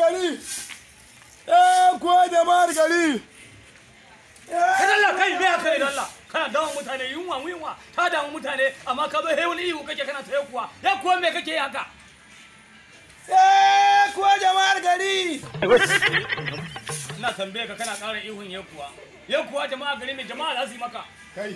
gari eh ko jama'ar gari eh. kai Allah kai biya kai idan Allah kana dawo mutane yunwa yunwa ta damu mutane amma ka zo hewul ihu kake kana ta yakuwa ya kuwa me kake yi haka eh ko jama'ar gari ina tambaye ka kana ƙara ihun yakuwa yakuwa ya jama'ar gari me jama'a za su maka kai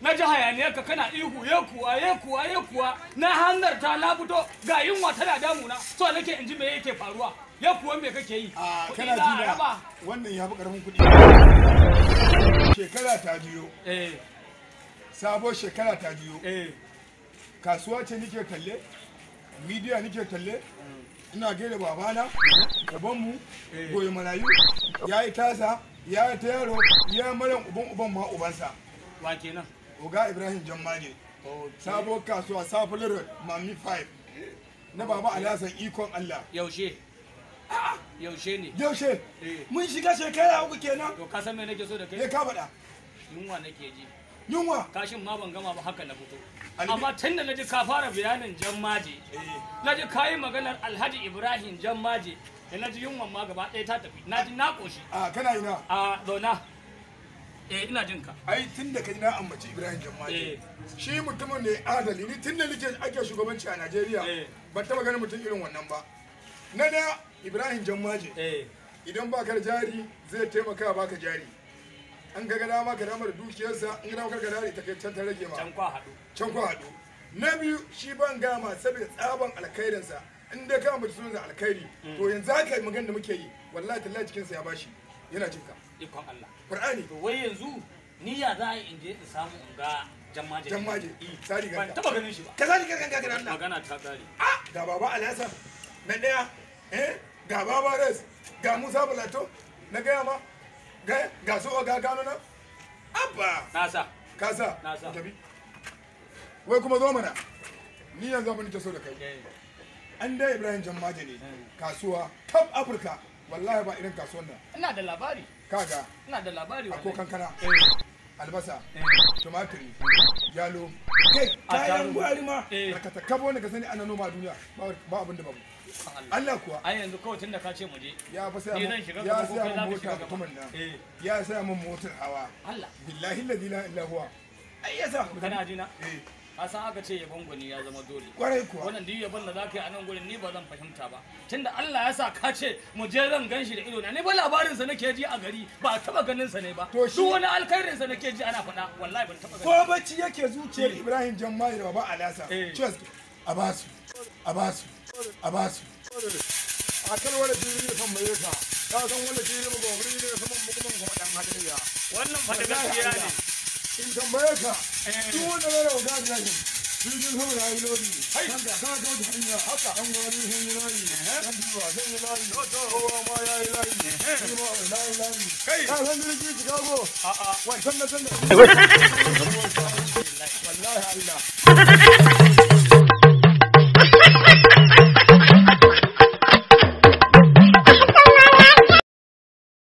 na ji hayaniyar ka kana ihu ya kuwa ya kuwa ya kuwa na hannar ta na fito ga yunwa tana damuna so nake in ji me yake faruwa ya kuwa me kake yi a kana ji na wannan ya fi karfin kuɗi shekara ta biyo eh sabo shekara ta biyo eh. kasuwa ce nike kalle midiya nike talle ina gaida babana gabanmu eh. goyi marayu ya yi tasa ya yi ta yaro ya yi maran uban uban ma ubansa wa kenan oga ibrahim jammage sabo kasuwa safulin road mami 5 na baba alhassan ikon allah yaushe yaushe ne yaushe eh. mun shiga shekara uku kenan to kasan san me nake so da kai ka faɗa yunwa nake ji yunwa kashin ma ban gama ba haka na fito amma tun da naji ka fara bayanin jan eh. maje ka yi maganar alhaji ibrahim jan maje da naji yunwa ma gaba ɗaya ta tafi naji na ƙoshi a kana yi na. a zauna eh ina jin ka ai tun da kaji na ambaci Ibrahim Jammali eh. shi mutumin ne adali ni tun da nake ake shugabanci a Najeriya eh. ban taba ganin mutum irin wannan ba na da Ibrahim Jammaje eh. idan ba ka jari zai taimaka ba ka jari an ga gada ma da dukiyarsa an gada ka jari ta kai can ta rage ma can kwa hadu. can kwa na biyu shi ban gama saboda tsaban alkhairinsa in da ka ambaci sunan alkhairi mm. to yanzu haka magana da muke yi wallahi tallahi cikinsa ya bashi yana jin ka ikon Allah Qur'ani to wai yanzu ni ya za a in je in samu in ga jammaje jammaje eh, sari ban taba ganin shi ba ka sari kan ga Allah magana ta tsari ah ga baba Alhassan na daya eh ga baba Res ga Musa Balato na gaya ma ga ga so ga gano na abba nasa kasa nasa tabi wai kuma zo mana ni yanzu abin da ta so da kai eh. an da Ibrahim Jammaje ne eh. kasuwa top Africa wallahi ba irin kasuwan nan ina da labari kaga ina da labari akwai kankana eh. albasa eh. tumatiri eh. yalo kai kayan gwari ma ta kabo ne ka sani ana noma a duniya ba abin da babu Allah kuwa ai yanzu kawai tunda ka ce mu je ya fa sai mun ya sai mun mota ga kuma nan ya sai mun motar hawa Allah billahi la ilaha illa huwa ai ya sa kana jina eh ka san aka ce yabon gwani ya zama dole kwarai kuwa wannan duk yabon da zaka yi a nan gurin ni ba zan fahimta ba tunda Allah ya sa ka ce mu je ran ganshi da ido na ni ba labarin sa nake ji a gari ba taba ganin sa ne ba duk wani alkhairin sa nake ji ana faɗa wallahi ban taba ganin ko bacci yake zuciyar eh. Ibrahim Jammai da Baba Alasa cheers eh. a basu a basu a basu a kan wani jirgin da san mai ka ka san wani jirgin ba wani ne da san mun kuma kuma dan hadiriya wannan fa da ne in tambaye ka duk wanda zai rauga da jirgin sama ya da wallahi allah